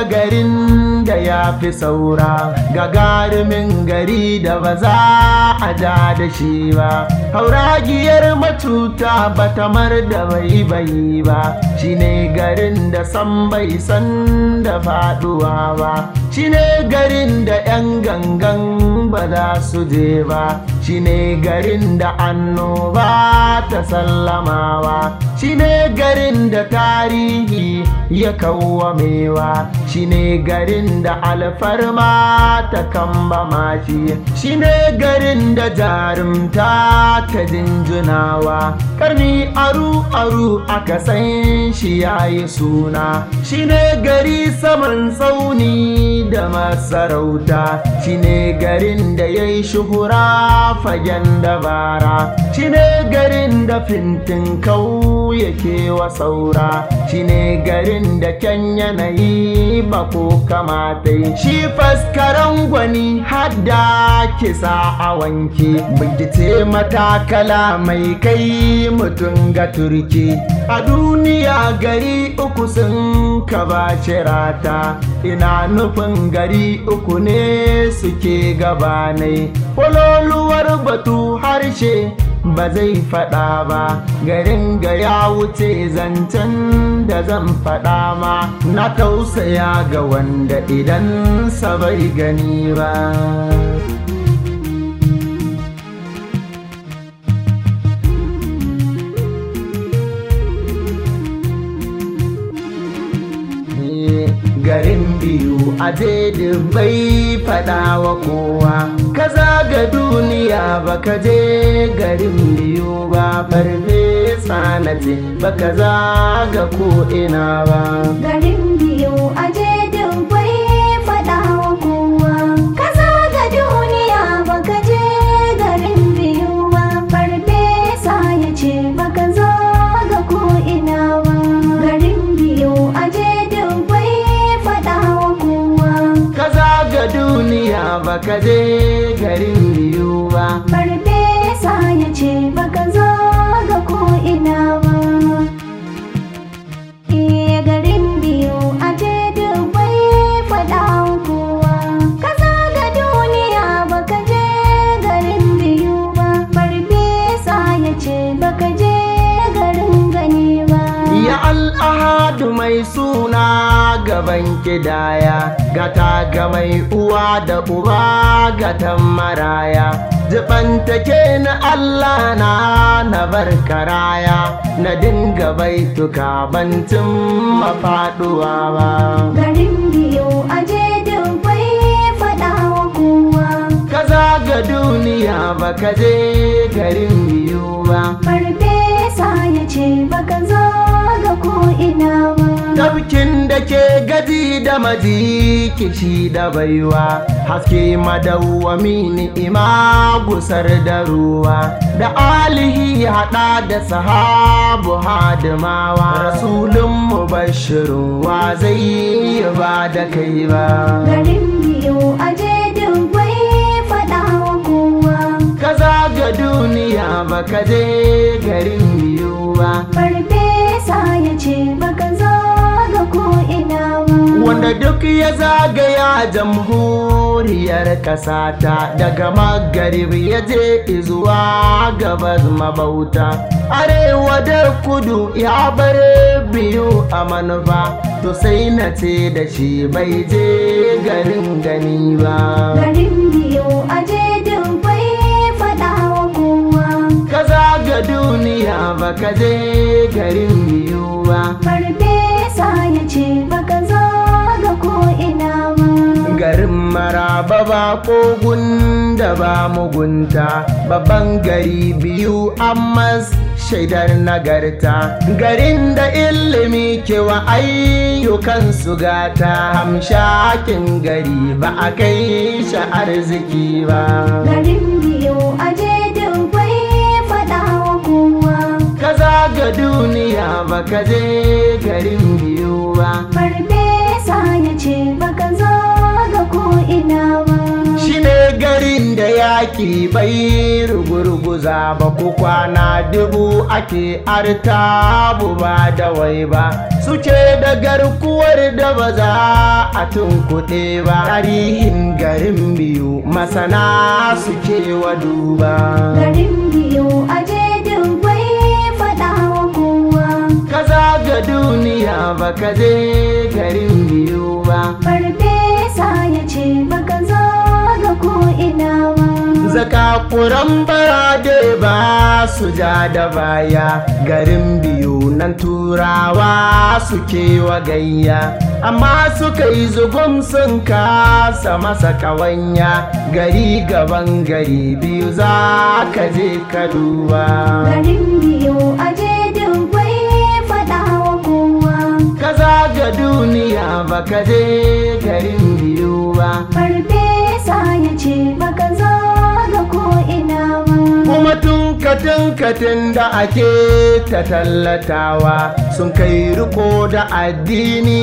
da garin da ya fi saura gagarumin gari da ba za a da da shi ba hauragiyar matuta ba ta da bai bai ba ne garin da san bai san da faduwa ba ne garin da 'yan gangan ba za su je ba ne garin da annoba ta sallamawa ne garin da tarihi ya kawwamewa ne garin da alfarma ta ma shi ne garin da jarumta ta jinjunawa karni aru-aru aka san shi ya yi suna Shi ne gari saman tsauni da masarauta Shi ne garin garin da ya yi shuhura fagen dabara shi ne garin da fintin kauyake wa saura shi ne garin da kyan yanayi ba ko kamata shi faskaran gwani hadda kisa a wanke bincite matakala mai kai mutum ga turki a duniya gari uku sun kaba cirata. ina nufin gari uku ne suke gaba bayanai kwaloluwar batu harshe ba zai faɗa ba garin ga ya wuce zancen da zan faɗa ma na tausaya ga wanda idan sa bai gani ba garin biyu a daidin bai faɗawa kowa ka zaga duniya ba ka je garin biyu ba ce sanate ka zaga ga ko'ina ba garin baka je garin biyu ba gaban kidaya gata ga mai uwa da uba gatan maraya zubanta ke na Allah na na bar karaya na dinga baituka bantun mafaduwa ba garin biyu aje kai fada wa kowa kaza ga duniya ba ka je garin biyu ba farfesa ya ce baka zo ga ko ina ba tafkin da ke gadi da maji shi da baiwa haske madawwami ima gusar da ruwa da alihi hada da sahabu hadimawa rasulun bashirin wa zai yi ba da kai ba garin biyu aje ga duniya ka je garin biyu ba farfesa ya ce baka zo wanda duk ya zagaya jamhuriyar kasata daga magaribi ya je izuwa gabas mabauta arewa da kudu ya bare biyu a manufa to sai na ce da shi bai je garin gani ba garin biyu a je kwai fada wa kowa ka zaga duniya ba ka je garin biyu ba sa ya ce baka zaga ko ina ba garin maraba ba kogun da ba mugunta babban gari biyu amma shaidar nagarta garin da ilimi ke wa ayyukan su gata hamshakin gari ba a kai shi arziki ba garin ga duniya baka je garin biyu ba farfesa ya ce baka zo ga ina ba Shi ne garin da yaki bai rugurguza ba ku kwana dubu ake arta bu ba da wai ba ce da garkuwar da ba za a tunkuɗe ba tarihin garin biyu masana su suke wa duba garin biyu a da baka je garin biyu ba farfesa ya ce baka zo ga ko ina ba zakakuran barade ba su ja da baya garin biyu nan turawa suke wa gayya amma suka yi zugun sun kasa masa kawanya gari gaban gari biyu za ka je ka duba garin biyu a ga duniya baka je garin biyu ba. Farfesa ya ce baka zo ga ko'ina ba. Kuma tunkatin da ake ta tallatawa sun kai riko da addini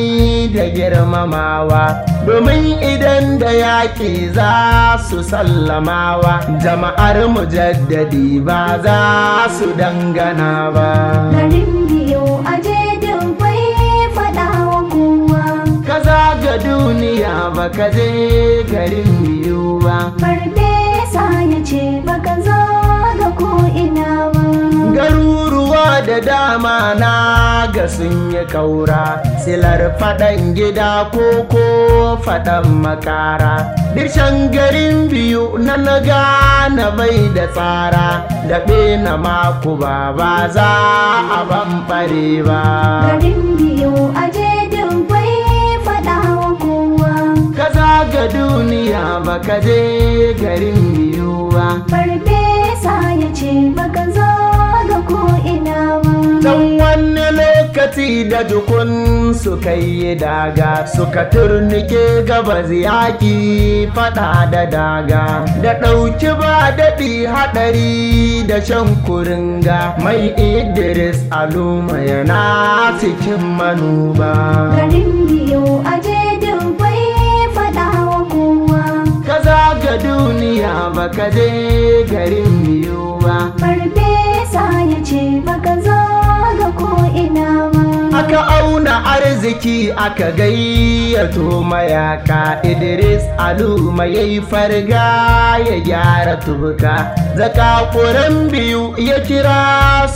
da girmamawa. Domin idan da yaƙi za su sallamawa, jama'ar mujaddadi ba za su dangana ba. Garin biyu duniya ka je garin biyu ba farfesa ya ce baka zo ga ko'ina ba garuruwa da dama na ga sun yi kaura silar faɗan gida ko ko faɗan makara dirshan garin biyu na naga na bai da tsara da na maku ba ba za a banfare ba garin biyu aje ga duniya baka je garin biyu ba farfesa ya ce baka zo ga ko'ina ba dan wani lokaci da jukun suka yi daga suka turnike gaba ziyaki fada da daga da ɗauki ba daɗi haɗari da shan kuringa mai idris aluma yana cikin manuba garin biyu a baka je garin biyu ba farfesa ya ce baka zaga ko ina ba aka auna arziki aka gayyato mayaka idris aluma ya yi farga ya gyara tubuka zakakuran biyu ya kira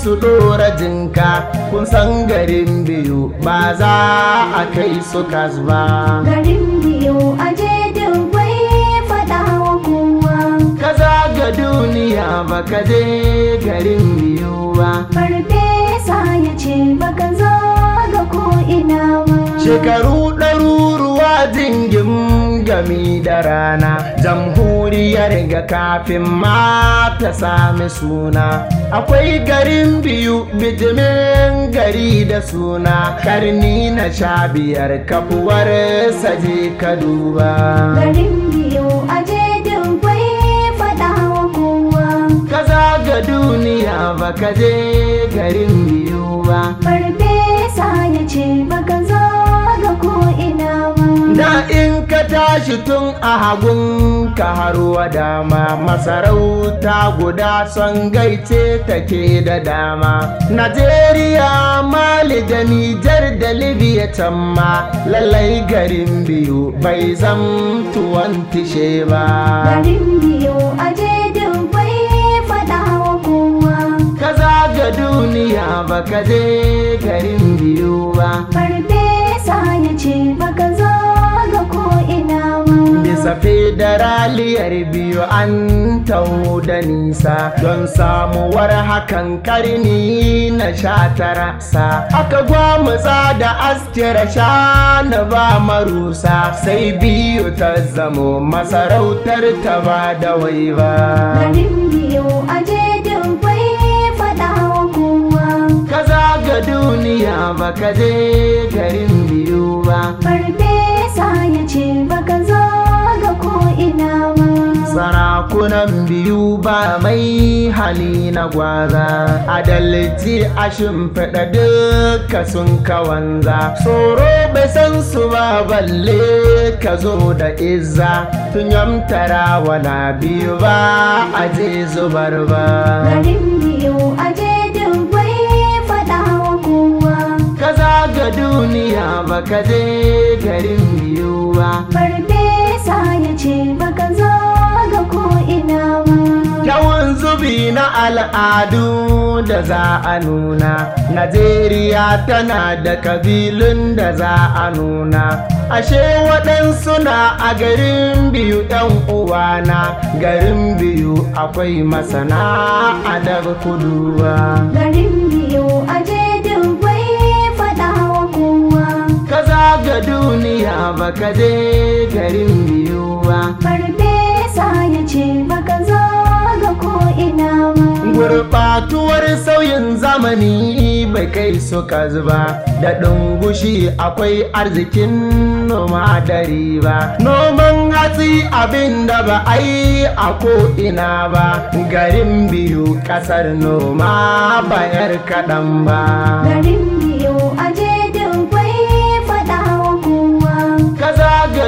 su dora jinka kun san garin biyu ba za a kai su kas ba garin biyu baka je garin biyu ba farfesa ya ce baka zo ga ko'ina ba shekaru ɗaruruwa dingin gami da rana jamhuriyar ga kafin ma ta sami suna akwai garin biyu bijimin gari da suna karni na sha biyar kafuwar saje kaduba garin biyu duniya ba ka je garin biyu ba farfesa ya ce baka zo ga ko'ina ba da in ka tashi tun a hagun ka haruwa dama masarauta guda son gaice take da dama najeriya mali da nijar da libya can ma lallai garin biyu bai zamtuwan tishe ba garin biyu je baka je garin biyu ba farfesa ya ce baka zo ga ko'ina ba bisa federaliyar biyu an tau da nisa don samuwar hakan karni na sha tara sa aka gwamutsa da askira sha na ba marusa sai biyu ta zamo masarautar ta ba da ba. garin biyu aje ga duniya baka je garin biyu ba farfesa ya ce baka zo ga ko'ina ba sarakunan biyu ba mai hali na gwaza adalci a shimfiɗa duka sun kawanza tsoro bai san su ba balle ka zo da izza tun yamtara wala biyu ba a je zubar ba duniya baka je garin biyu ba farfesa ya ce baka zo ga ko'ina ba yawan zubi na al'adu da za a nuna najeriya tana da kabilun da za a nuna ashe waɗansu na a garin biyu ɗan uwana garin biyu akwai masana a kuduwa garin ga duniya baka je garin biyu ba sa ya ce baka zo ga ko'ina ba gurɓatuwar sauyin zamani bai kai su zuba da ɗungushi akwai arzikin noma dari ba, noman hatsi abin da ba a yi a ko'ina ba garin biyu ƙasar noma bayar kaɗan ba garin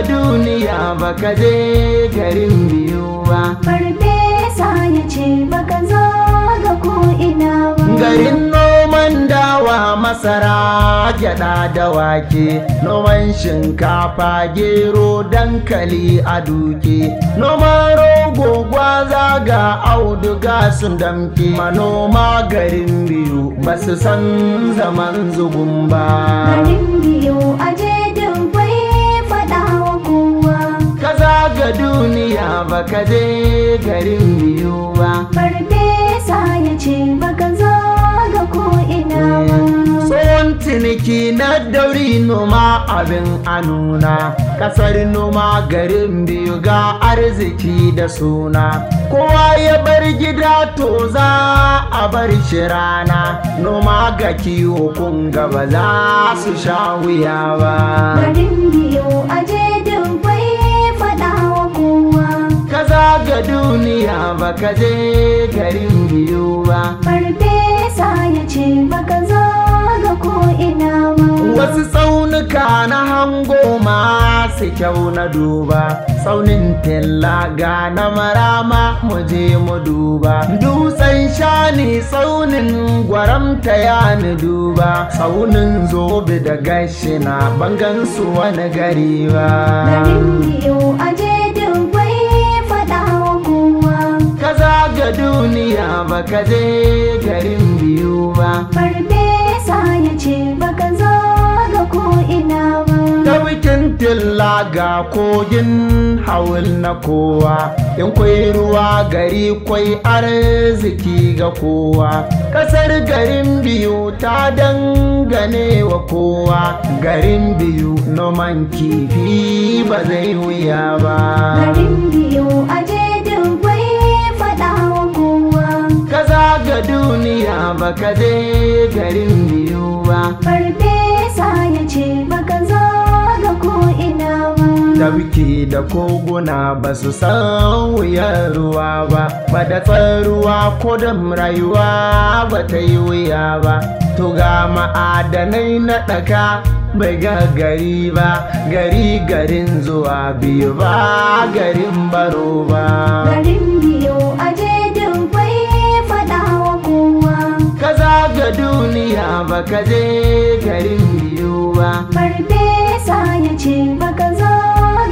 duniya baka je garin biyu ba farfesa ya ce baka zo ga ko'ina ba garin noman dawa masara gyada da wake noman shinkafa gero dankali a duke noman rogo gwaza ga auduga sun damke manoma garin biyu ba su san zaman zubun ba garin biyu aje ga duniya baka je garin biyu ba farfesa ya ce baka zo ga ko'ina ba mm, tsohon ciniki na dauri noma abin anuna kasar noma garin biyu ga arziki da suna kowa ya bar gida to za a bar shi rana noma ga kiwo kun gaba za su sha wuya ba garin biyu aje ga duniya ba ka je garin biyu ba farfesa ya ce baka zo ga ko'ina ba wasu tsaunuka na hango su kyau na duba tsaunin tella ga na marama mu je mu duba dutsen shani tsaunin gwaramta ya ni duba tsaunin zobe da gashina na bangan su wani gari ba garin biyu baka je garin biyu ba sa ya ce baka zo ga ko ina ba ta bikin tilla ga kogin hawul na kowa in kwai ruwa gari kwai arziki ga kowa kasar garin biyu ta dangane wa kowa garin biyu noman kifi ba zai wuya ba garin biyu a duka duniya ba ka je garin biyu ba farfesa ya ce baka zo ga ko'ina ba tafki da koguna ba su san wuyar ruwa ba ba da tsaruwa ko da rayuwa ba ta yi wuya ba to ga ma'adanai na ɗaka bai ga gari ba gari garin zuwa biyu ba garin baro ba garin biyu baka je garin biyu ba farfesa ya ce baka zo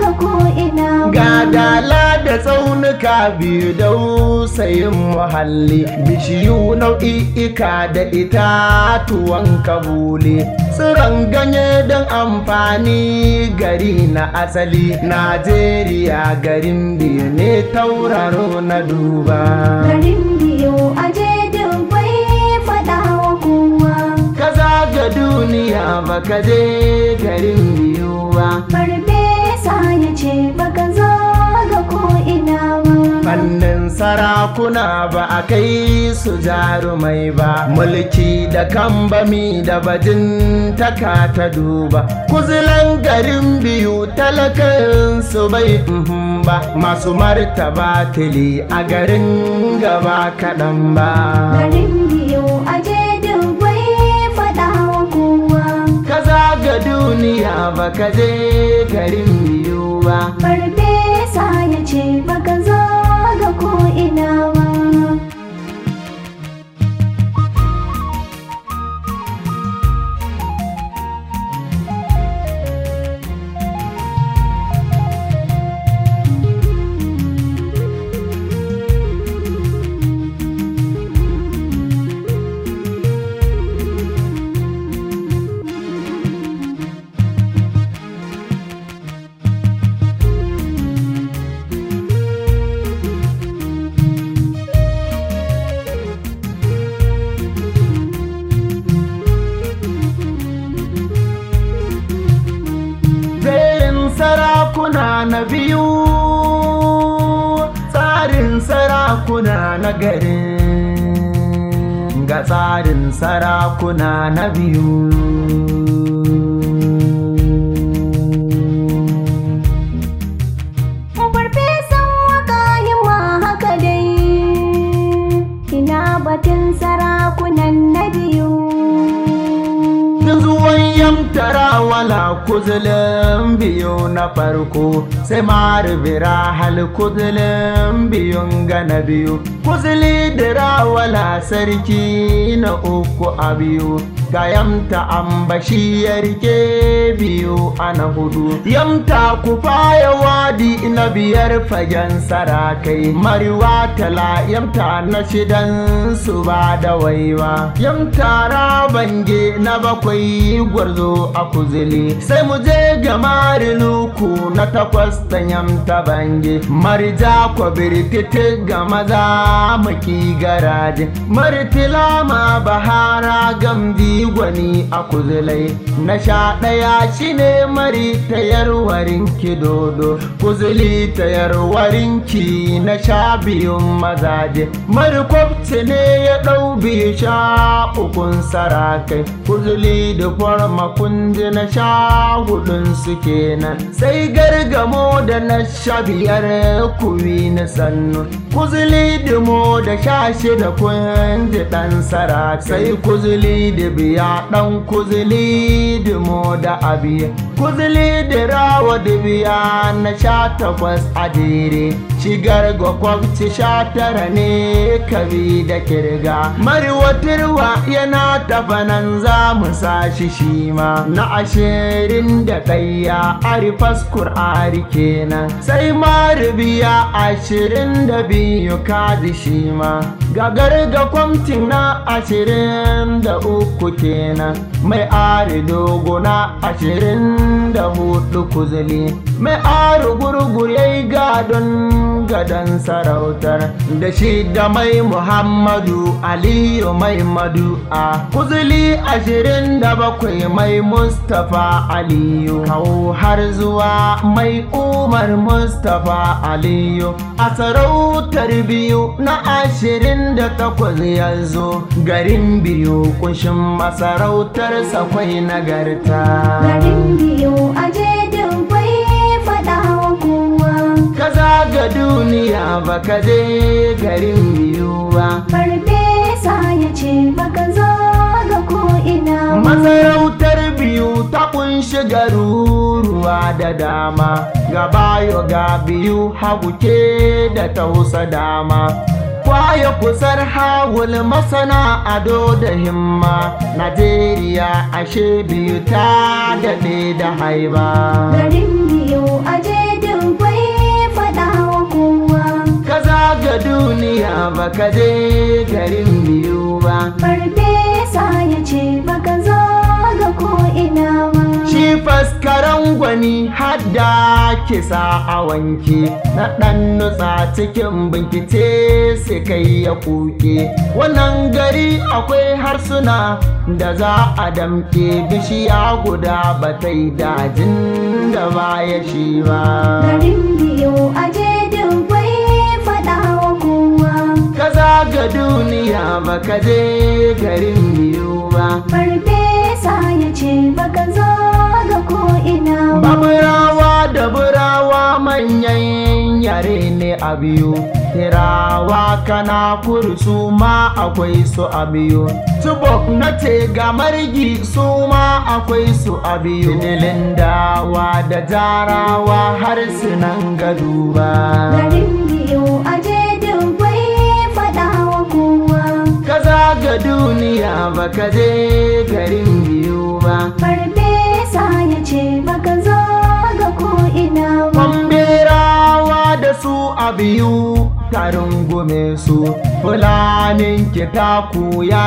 ga ko ina ga dala da tsaunuka biyu dausayin muhalli bishiyu nau'i'ika da itatuwan kabule tsiron ganye don amfani gari na asali najeriya garin biyu ne tauraro na duba garin biyu a ga duniya ba ka je garin biyu ba farfesa ya ce baka zo ga ko'ina ba fannin sarakuna ba a kai su jarumai ba mulki da kambami da bajin taka ta duba kuzilan garin biyu talakan su bai ba masu martaba tili a garin gaba kaɗan ba garin biyu baka je garin biyu ba farfesa ya ce baka zo ga ko ina ba sarakuna na biyu tsarin sarakuna na garin ga tsarin sarakuna na biyu Karawala kuzulin biyu na farko sai marbira hal kuzulin biyun gana biyu kuzuli da wala sarki na uku a biyu ga yamta ambashi ya rike biyu ana hudu yamta ku faya wadi na biyar fagen sarakai mariwa tala yamta na shidan su ba da waiwa yamta rabange na bakwai gwarzo a kuzili sai mu je ga mariluku na takwas da yamta bange marja kwa birkiti ga maza maki garaje maritila ma bahara gamdi gwani a kuzulai na sha ɗaya shi ne mari ta yarwarin ki dodo kuzuli ta yarwarin ki na sha biyun mazaje mari ne ya ɗau biyu sha ukun sarakai kuzuli da kwarma kundi na sha hudun su kenan sai gargamo da na sha biyar kuwi na sannu kuzuli dimo da shashi da kun ji ɗan sara sai kuzuli da biya ɗan kuzuli dimo da abi kuzuli da rawa da biya na sha takwas a jere shigar gwakwabci sha tara ne kabi da kirga marwatarwa yana tafanan za mu sashi shi ma na ashirin da ɗaya arifas kur'ari kenan sai maribiya ashirin da biyu ayyuka kadishima shi gagar ga kwamtin na ashirin da uku kenan mai ari dogo na ashirin da hudu kuzuli mai ari gurgur ya gadon gadon sarautar da shi da mai muhammadu aliyu mai madu'a kuzuli ashirin da bakwai mai mustapha aliyu kawo har zuwa mai umar mustapha aliyu a sarautar motar biyu na ashirin da takwas ya zo garin biyu kunshin masarautar sakwai na garta. garin biyu aje dinkwai faɗa wa kowa ka zaga duniya ba ka je garin biyu ba farfesa ya ce baka zo Masarautar biyu ta kunshi garuruwa da dama, gabayo ga biyu hagu ke da tausa dama. Kwaye kusar hawul masana ado da himma, Najeriya ashe biyu ta daɗe da haiba. Garin biyu aje dinkwai faɗa wa kowa. Ka zaga duniya ba ka je garin biyu ba. maskaran gwani hada kisa a wanke na ɗan nutsa cikin bincike sai kai ya kuke. Wannan gari akwai harsuna da za a damke bishiya guda ba ta yi dajin da ba ya shi ba. Garin a Ka duniya ba ka je garin biyu ba. Farfesa ya ce baka zo ina da burawa manyan yare ne a biyu Tirawa kana kursu ma akwai su a biyu Tubok na ga marigi su ma akwai su a biyu Dilin dawa da jarawa har sunan gado ba Garin biyu kowa Ka duniya ba ka je garin biyu ba ce baka zo ga ko ina ba da su a biyu tarin gume su fulanin kitaku ya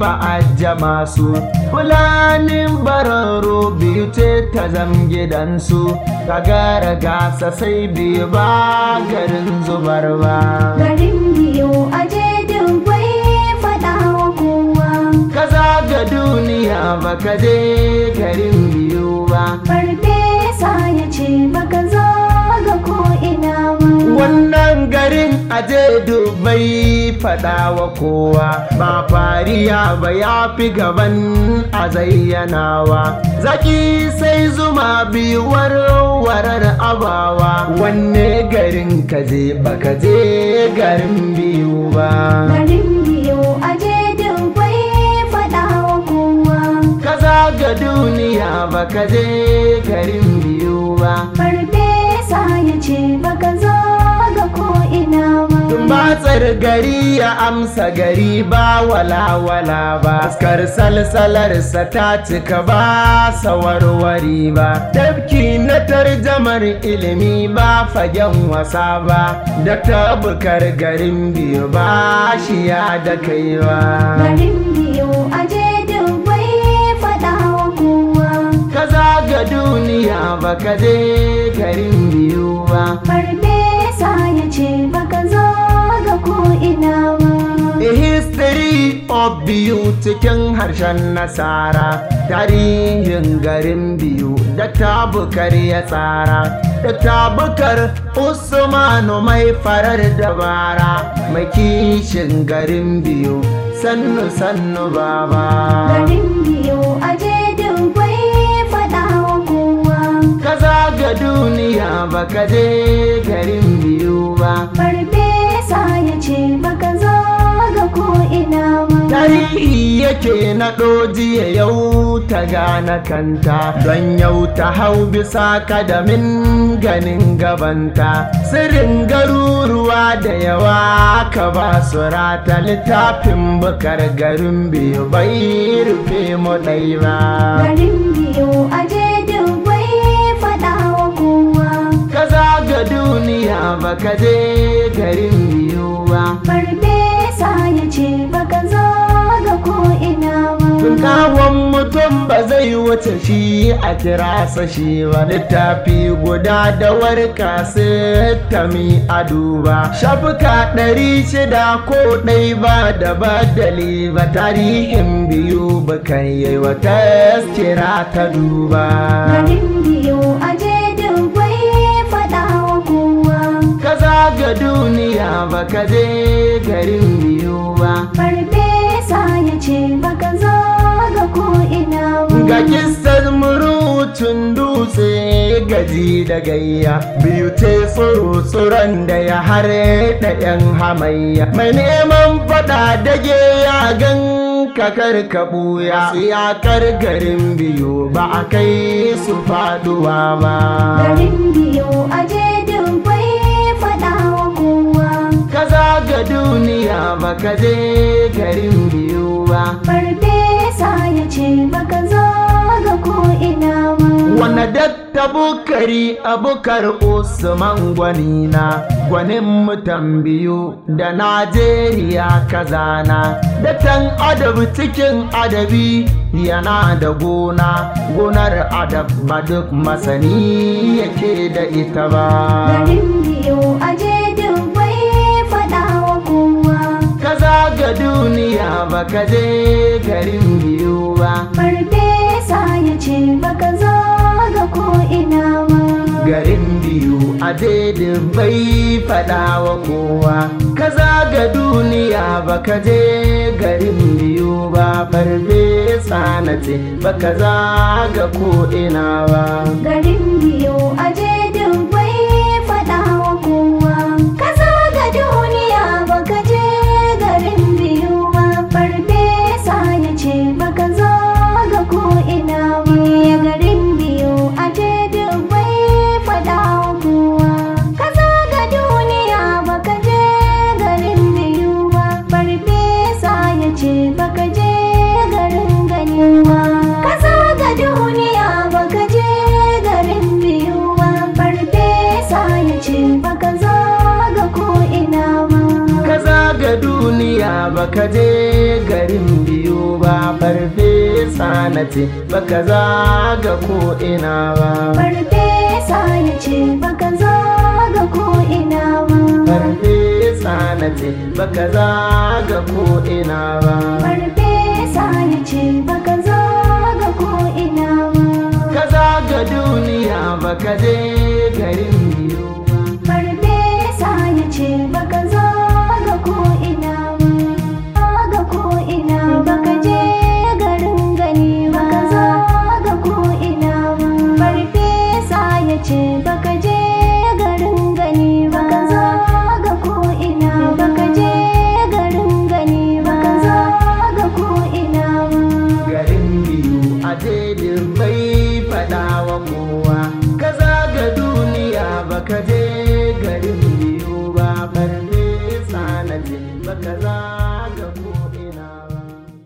ba a jama su fulanin bararo biyu ce ta zam gidansu ta gara gasa sai biyu ba garin zubar ba garin biyu a baka je garin biyu ba farfesa ya ce baka zo ga ko ina ba wannan garin aje dubai fada wa kowa ba fariya ba ya fi gaban a zayyanawa zaki sai zuma biyuwar warar abawa wanne garin ka je baka je garin biyu ba garin biyu ga duniya ba ka je garin biyu ba farfesa ya ce ba ka zo ga ko'ina ba matsar gari ya amsa gari ba walawala ba askar salsalarsa ta cika ba sawarwari ba tafki na tarjamar ilimi ba fagen wasa ba da tabukar garin biyu ba shi ya da ba. garin biyu ta duniya baka je garin biyu ba farfesa ya ce baka zo ga ko'ina ba a history of biyu cikin harshen nasara tarihin garin biyu da tabukar ya tsara da tabukar usmanu mai farar dabara mai kishin garin biyu sannu sannu baba garin biyu ga duniya baka je garin biyu ba farfesa ya ce baka zo ga ko'ina ba tarihi yake na ɗoji ya yau ta gana kanta don yau ta hau bisa kadamin ganin gabanta sirrin garuruwa da yawa ka ba su rata littafin bukar garin biyu bai rufe mu ɗai ba garin biyu ta duniya baka je garin biyu ba farfesa ya ce baka zo ga ko'ina ba kawon mutum ba zai wuce shi a kirasa shi ba littafi guda da warka sittami a duba shafuka ɗari shida ko ɗai ba da badali ba tarihin biyu ba kan yi wa ta duba ga duniya ba ka je garin biyu ba farfesa ya ce ba ka zo ga ko'ina ba ga kistar murutun dutse gaji da gayya biyu ce tsoron da ya hare da yan hamayya mai neman fada dage ya gan kakar ka buya siyakar garin biyu ba a kai su faɗuwa ba garin biyu ga duniya baka je garin biyu ba farfesa ya ce baka zo ga ina ba wanda datta bukari abukar usman gwanina gwanin mutan biyu da najeriya kazana datan adabi cikin adabi yana da gona gonar adab ba duk masani yake da ita ba garin biyu aje duniya baka je garin biyu ba farfesa ya ce baka zaga ko ina ba garin biyu a daidai bai fadawa kowa ka zaga duniya baka je garin biyu ba farfesa na ce baka zaga ko ina ba garin biyu a ce baka ga ko ina ba farfesa ya ce baka ga ko ina ba ka za ga duniya baka je garin biyu